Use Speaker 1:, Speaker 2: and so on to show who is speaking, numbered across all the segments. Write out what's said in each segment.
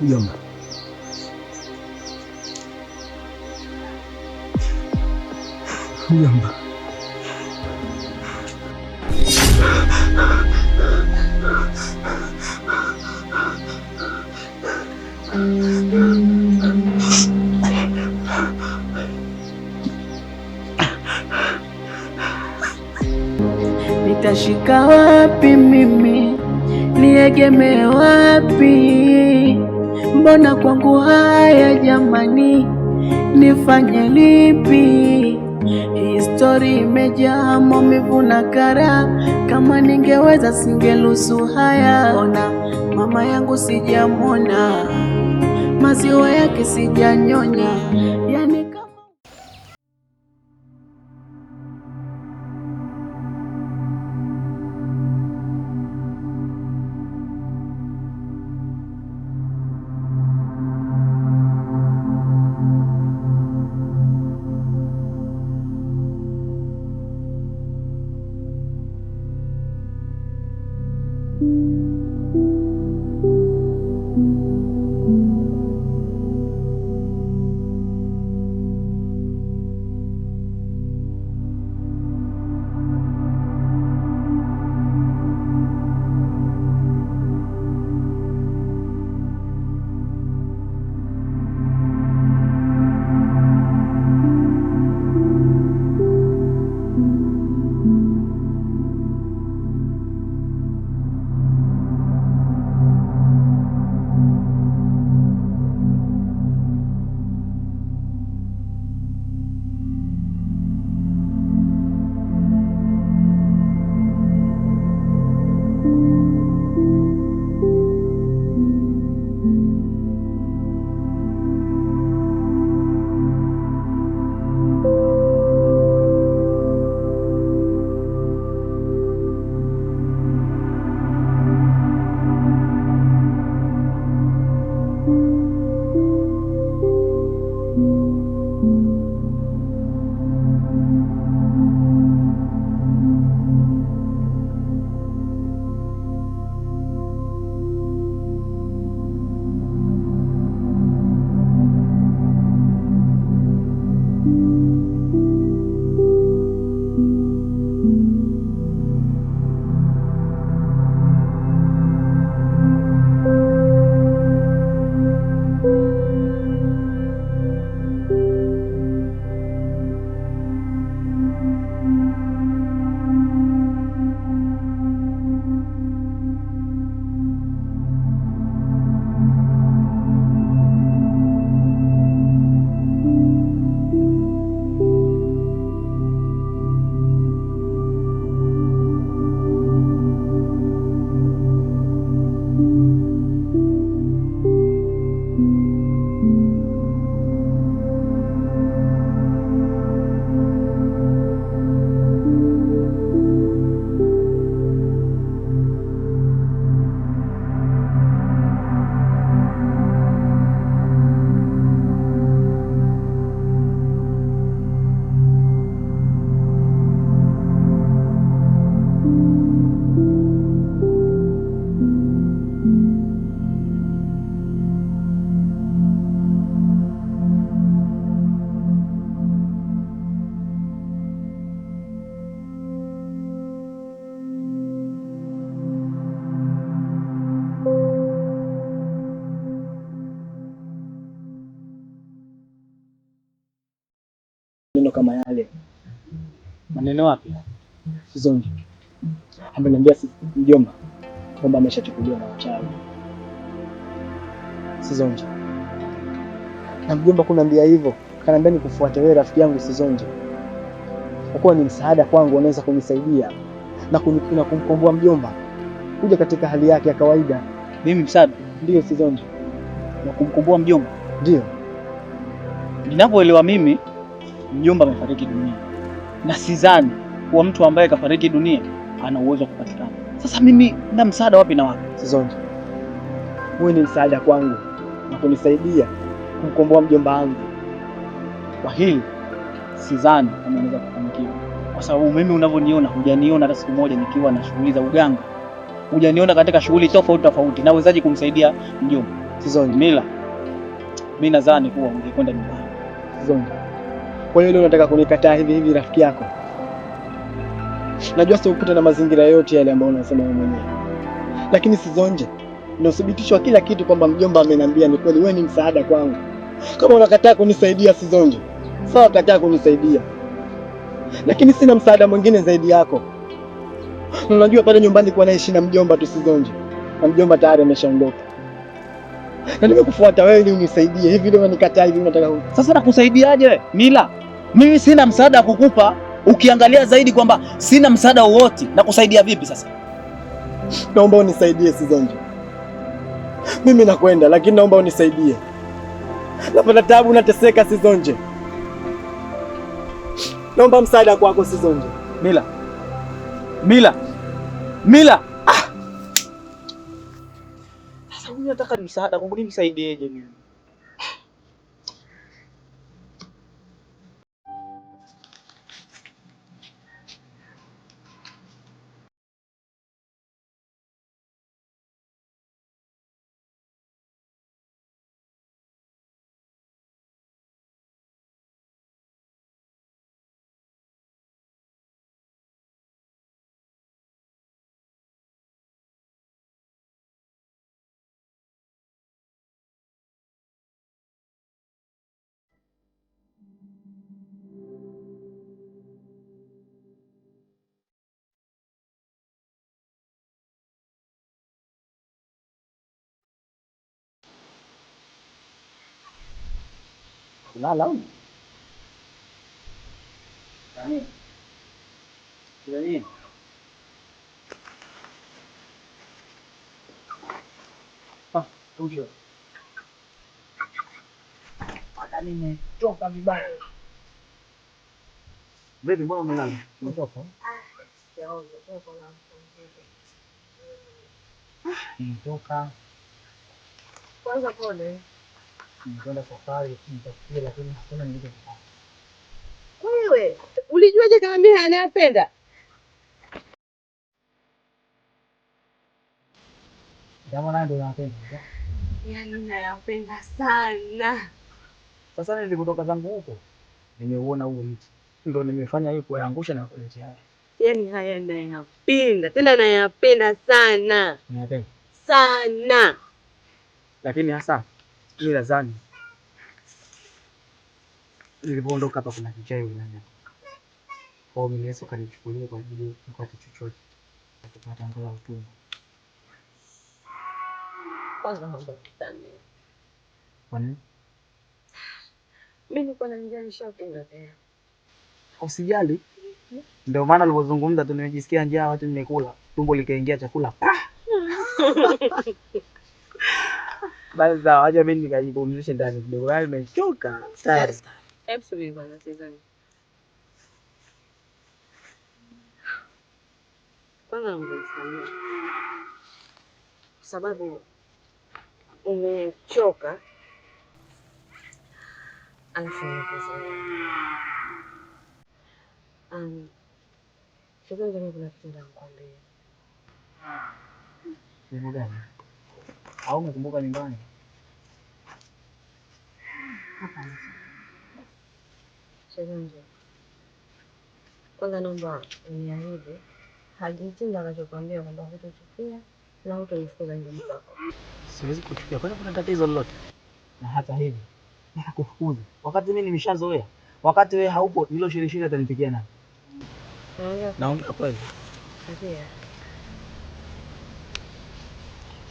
Speaker 1: Yum. Yum.
Speaker 2: Nitashika wapi mimi niegeme wapi? Mbona kwangu haya jamani, nifanye lipi? Histori imejaa maumivu na kara, kama ningeweza singelusu haya. Ona mama yangu sijamwona, maziwa yake sijanyonya
Speaker 3: kama yale maneno wapi? Sizoni. ameniambia mjomba kwamba ameshachukuliwa na wachawi. Sizonje na mjomba kuniambia hivyo, kaniambia nikufuate wewe rafiki yangu Sizonje, kwa kuwa ni msaada kwangu, unaweza kunisaidia na kumkomboa mjomba kuja katika hali yake ya kawaida. Mimi msaada? Ndio Sizonje,
Speaker 4: na kumkomboa mjomba. Ndio. Ninapoelewa mimi mjomba amefariki dunia, na sidhani kuwa mtu ambaye kafariki dunia ana uwezo wa kupatikana. Sasa mimi na msaada wapi na wapi?
Speaker 3: Sizonje, wewe ni msaada kwangu na kunisaidia kumkomboa mjomba wangu.
Speaker 4: Kwa hili sidhani kama naweza kufanikiwa, kwa sababu mimi unavyoniona, hujaniona hata siku moja nikiwa na shughuli za uganga, hujaniona katika shughuli tofauti tofauti. Nawezaje kumsaidia mjomba? Sizoni mila mimi nadhani kuwa ungekwenda nyumbani.
Speaker 3: sizoni kwa hiyo leo nataka kunikataa hivi hivi, rafiki yako? Najua sikukuta na mazingira yote yale ambayo unasema wewe mwenyewe, lakini sizonje na uthibitisho wa kila kitu kwamba mjomba ameniambia ni kweli, wewe ni msaada kwangu. Kama unakataa kunisaidia sizonje sawa, kataa kunisaidia, lakini sina msaada mwingine zaidi yako. Na unajua pale nyumbani kuwa naishi na mjomba tu, sizonje na mjomba tayari ameshaondoka na nimekufuata wewe ili unisaidie hivi, leo nikataa hivi, unataka
Speaker 4: sasa nakusaidiaje? Mila mimi sina msaada wa kukupa, ukiangalia zaidi kwamba sina msaada wowote na kusaidia vipi sasa?
Speaker 3: Naomba unisaidie sizonje mimi nakwenda, lakini naomba unisaidie, napata tabu, nateseka Sizonje, naomba msaada kwako Sizonje.
Speaker 4: Mila, Mila, Mila, ah! Sasa nataka msaada kwangu, nisaidieje mimi? 拿了吗？赶紧，赶紧。啊，出去了。啊，赶紧的，抓紧办。Baby, mbona umelala? Ondoka. Nitoka
Speaker 5: kwanza, pole.
Speaker 4: Nilikwenda safari nitakuja, lakini hakuna nilichokifanya.
Speaker 5: Wewe ulijuaje kama mimi anayapenda?
Speaker 4: Jamaa naye ndo anapenda.
Speaker 5: Yaani nayapenda sana.
Speaker 4: Sasa nilikutoka zangu huko nimeuona huo mti ndo nimefanya hiyo kuangusha na kuletea.
Speaker 5: Yaani haya nayapenda tena nayapenda sana nayapenda sana,
Speaker 4: lakini hasa ile zani nilipoondoka hapa kuna kichai kwa mimi Yesu kanichukulia kwa ajili ya kitu chochote kupata ndoa utumwa.
Speaker 5: Kwanza naomba kitabu. Kwa nini? Mimi niko na njaa nishakula tena
Speaker 4: usijali. Ndio maana ulipozungumza tu nimejisikia njaa, watu nimekula, tumbo likaingia chakula pa basi. Sawa, wacha mimi nikajipumzishe ndani kidogo, yaani nimechoka
Speaker 5: tayari. Hebu subiri kwanza, sizani kwanza mgomsamia sababu umechoka alafu Um, sasa jamii, kuna kitu nataka kukwambia.
Speaker 4: gani? Au umekumbuka nyumbani?
Speaker 5: Hapana. Shaganje, kwanza naomba uniahidi hajitenda anachokwambia kwamba hutochukia na hutonifukuza nyumbani kwako.
Speaker 4: Siwezi kuchukia, kwani kuna tatizo lolote? Na hata hivi nakakufukuza wakati mimi nimeshazoea, wakati wewe haupo, hilo shirishiri atanipikia nani? Naomi kwa kweli. Ndio.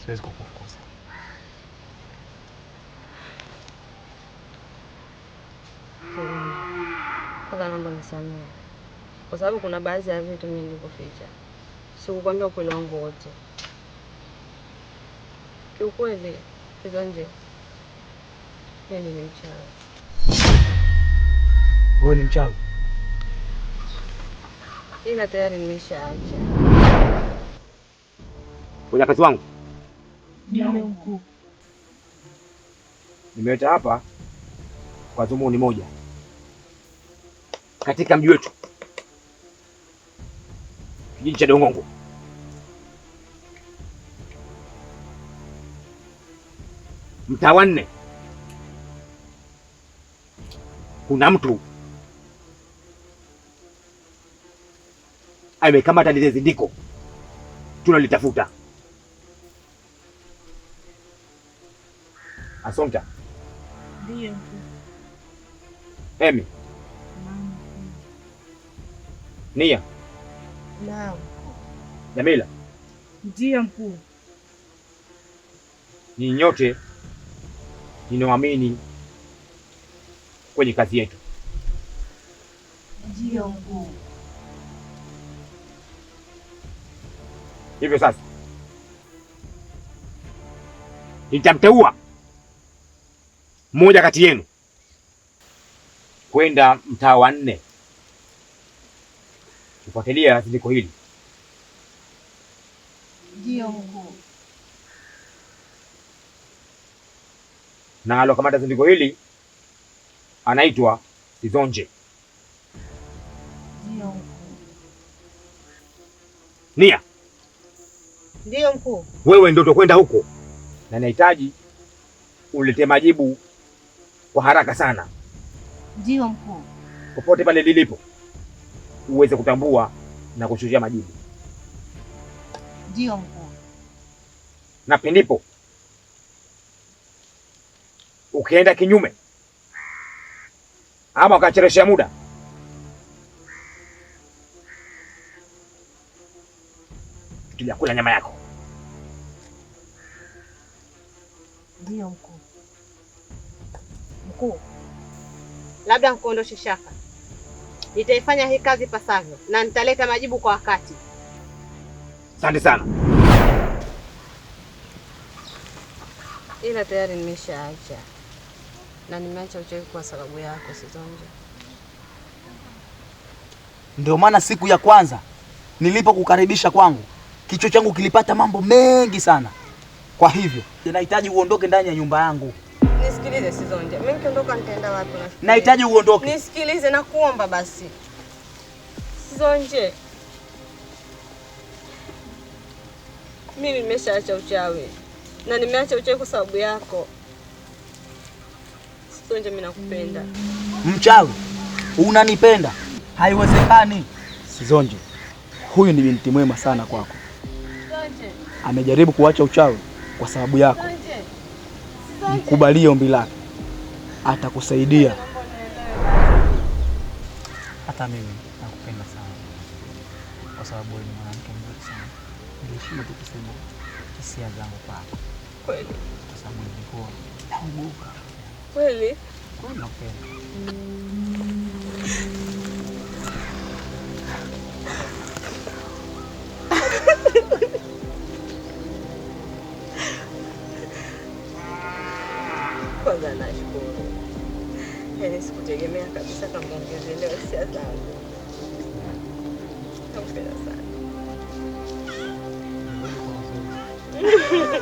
Speaker 4: Siwezi kukufukuza.
Speaker 5: Kwanza naomba nisamehe. Kwa sababu kuna baadhi ya vitu mimi nilivyoficha. Sikukwambia ukweli wangu wote. Kiukweli, hizo nje. Mimi ni mchawi. Wewe ni mchawi? ila tayari nimeshaacha.
Speaker 4: kazi wangu huku nimeleta hapa kwa dhumuni moja katika mji wetu kijiji cha Dongongo mtaa wanne kuna mtu amekamata lile zindiko tunalitafuta. Asonta ndio Emi Nia Naam. Jamila
Speaker 6: ndio mkuu,
Speaker 4: ni nyote ninaamini kwenye kazi yetu.
Speaker 6: Ndio mkuu.
Speaker 4: Hivyo sasa nitamteua mmoja kati yenu kwenda mtaa wa nne kufuatilia zindiko hili.
Speaker 6: Ndio mkuu.
Speaker 4: Na alokamata zindiko hili anaitwa Sizonje. Ndio mkuu. Nia Ndiyo mkuu. Wewe ndio utakwenda huko na nahitaji ulete majibu kwa haraka sana.
Speaker 6: Ndiyo mkuu.
Speaker 4: Popote pale lilipo uweze kutambua na kuchuja majibu. Ndiyo mkuu. Na pindipo ukienda kinyume ama ukachereshea muda kula nyama yako.
Speaker 6: Ndio mkuu. Mkuu,
Speaker 7: labda nikuondoshe shaka, nitaifanya hii kazi pasavyo na nitaleta majibu kwa wakati.
Speaker 4: Asante sana,
Speaker 5: ila tayari nimeshaacha na nimeacha uchawi kwa sababu yako Sizonja.
Speaker 4: Ndio maana siku ya kwanza nilipokukaribisha kwangu Kichwa changu kilipata mambo mengi sana, kwa hivyo nahitaji uondoke ndani ya nyumba yangu.
Speaker 5: Nisikilize Sizonja, mimi nikiondoka nitaenda wapi?
Speaker 4: Nahitaji uondoke.
Speaker 5: Nisikilize na kuomba basi. Sizonje, mimi nimeshaacha uchawi na nimeacha uchawi kwa sababu yako. Sizonje, mimi nakupenda.
Speaker 4: Mchawi unanipenda? Haiwezekani.
Speaker 3: Sizonje, huyu ni binti mwema sana kwako amejaribu kuacha uchawi kwa sababu yako. Mkubalie ombi lake, atakusaidia.
Speaker 4: Hata mimi nakupenda sana, kwa sababu wewe ni mwanamke mzuri sana. Nilishindwa tu kusema hisia zangu kwako, kwa sababu nilikuwa naogopa. Kweli nakupenda. Mm.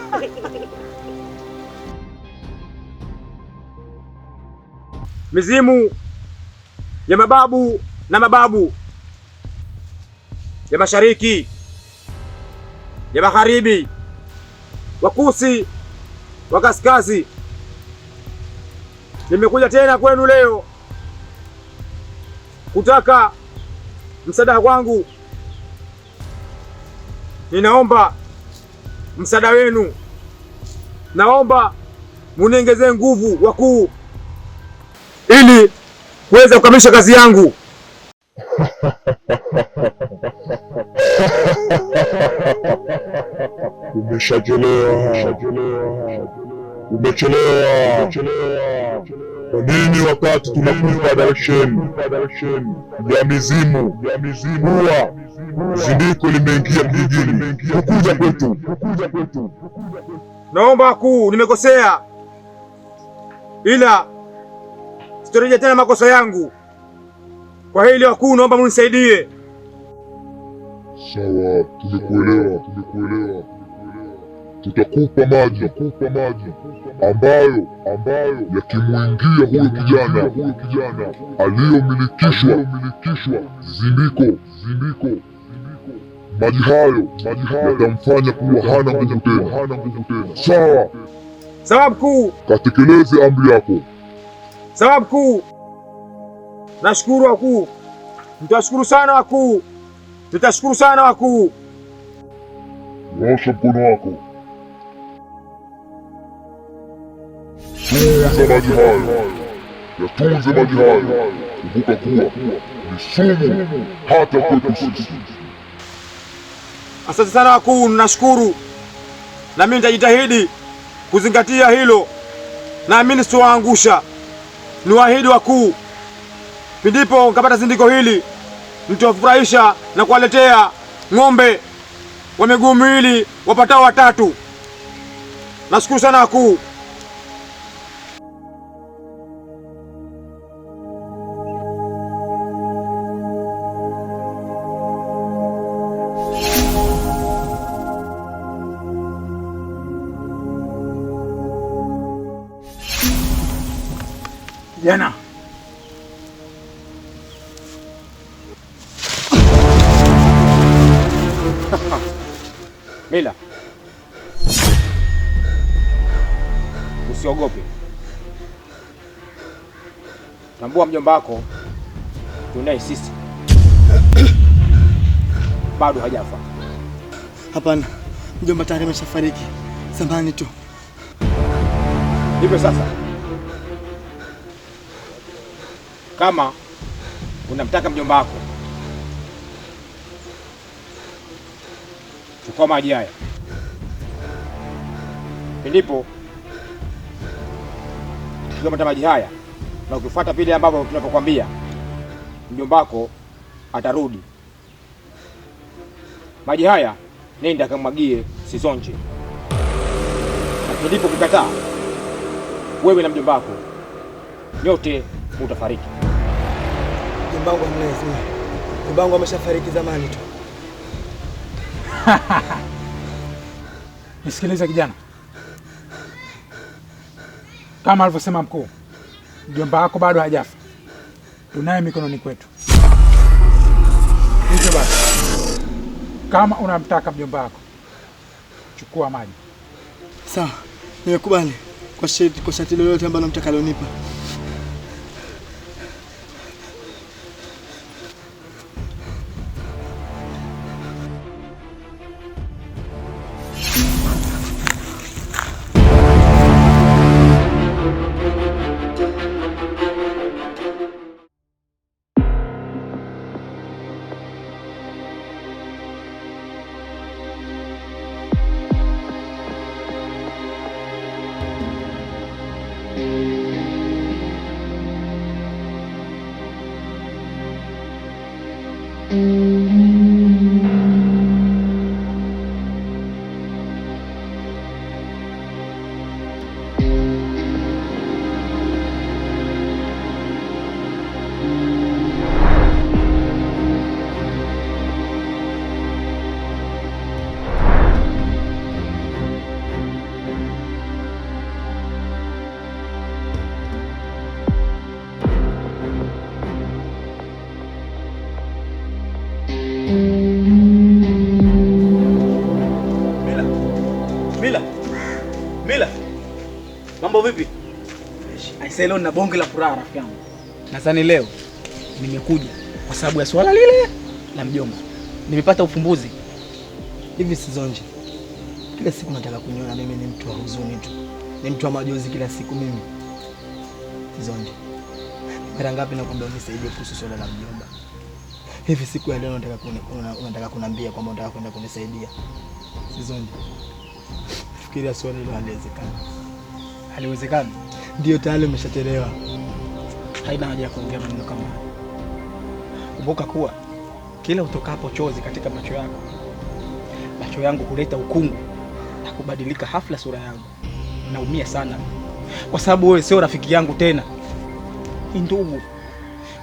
Speaker 8: Mizimu ya mababu na mababu ya mashariki ya magharibi, Wakusi wa kaskazi, nimekuja tena kwenu leo kutaka msaada wangu. Ninaomba msaada wenu, naomba muniongezee nguvu wakuu, ili kuweza kukamilisha kazi yangu. umechelewa. Kwa nini wakati tunakupa darasheni ya mizimu, ya mizimu zindiko limeingia kijijini, kukuja kwetu. Naomba kuu, nimekosea, ila sitorejea tena makosa yangu. Kwa hili wakuu, naomba mnisaidie.
Speaker 9: Sawa, tumekuelewa, tumekuelewa. Tutakupa maji ambayo ambayo yakimwingia huyo kijana huyo kijana aliyomilikishwa aliyomiliki aliyomiliki maji hayo yatamfanya kuwa hana nguvu tena. Sawa
Speaker 8: sawa, mkuu,
Speaker 9: katekeleze amri yako.
Speaker 8: Sawa mkuu, nashukuru wakuu, mtashukuru sana wakuu, tutashukuru sana wakuu.
Speaker 9: Nyosha mkono wako, za maji hayo, yatunze maji hayo. Kumbuka kuwa ni sumu hata kwetu sisi.
Speaker 8: Asante sana wakuu, nashukuru. Na mimi nitajitahidi kuzingatia hilo, naamini sitowaangusha. Ni waahidi wakuu, pindipo nkapata zindiko hili nitawafurahisha na kuwaletea ng'ombe wa miguu miwili wapatao watatu. Nashukuru sana wakuu.
Speaker 4: Kijana, Mila, usiogope. Tambua mjomba wako tunaye sisi bado hajafa.
Speaker 10: Hapana, mjomba tayari ameshafariki zamani tu.
Speaker 4: Hivyo sasa kama unamtaka mjomba wako, chukua maji haya. Pilipo chukua maji haya, na ukifuata vile ambavyo tunavyokwambia mjomba wako atarudi. Maji haya nenda kamwagie Sizonje, na Pilipo kukataa, wewe na mjomba wako nyote utafariki.
Speaker 10: Mbangu amlazima. Mbangu ameshafariki zamani tu.
Speaker 4: Nisikilize kijana, kama alivyosema mkuu, mjomba wako bado hajafa, tunaye mikononi kwetu. Hivyo basi, kama unamtaka mjomba wako, chukua maji.
Speaker 10: Sawa, nimekubali kwa sharti lolote ambalo mtaka
Speaker 4: Mila, Mila, Mila, mambo vipi? Aisee, leo nina bonge la furaha rafiki yangu. Nadhani leo nimekuja kwa sababu ya swala lile la mjomba. Nimepata ufumbuzi.
Speaker 3: Hivi sizonje, kila siku nataka kuniona Mimi ni mtu wa huzuni tu, ni mtu wa majonzi kila siku. Mimi sizonje, mara ngapi nakwambia unisaidie kuhusu swala la mjomba? hivi siku ya leo unataka unataka kuniambia kwamba unataka kwenda kunisaidia Sizoni? Fikiria swali hilo, haliwezekani.
Speaker 4: Haliwezekani?
Speaker 10: Ndio, tayari umeshachelewa.
Speaker 4: Haina haja ya kuongea maneno kama haya. Kumbuka kuwa kila utokapo chozi katika macho yako, macho yangu huleta ukungu na kubadilika hafla sura yangu. Naumia sana kwa sababu wewe sio rafiki yangu tena, ni ndugu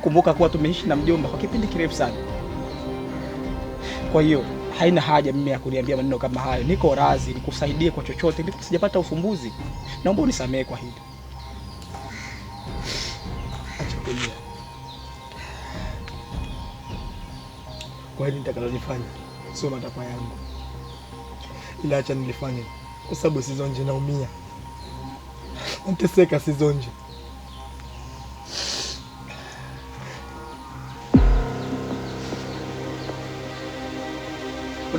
Speaker 4: kumbuka kuwa tumeishi na mjomba kwa kipindi kirefu sana. Kwa hiyo haina haja mimi ya kuniambia maneno kama hayo. Niko razi nikusaidie kwa chochote, ndipo sijapata ufumbuzi. Naomba unisamehe kwa hili.
Speaker 10: kwa hili nitakalonifanya sio matakwa yangu, ila acha nilifanye kwa sababu Sizonje naumia, nateseka Sizonje.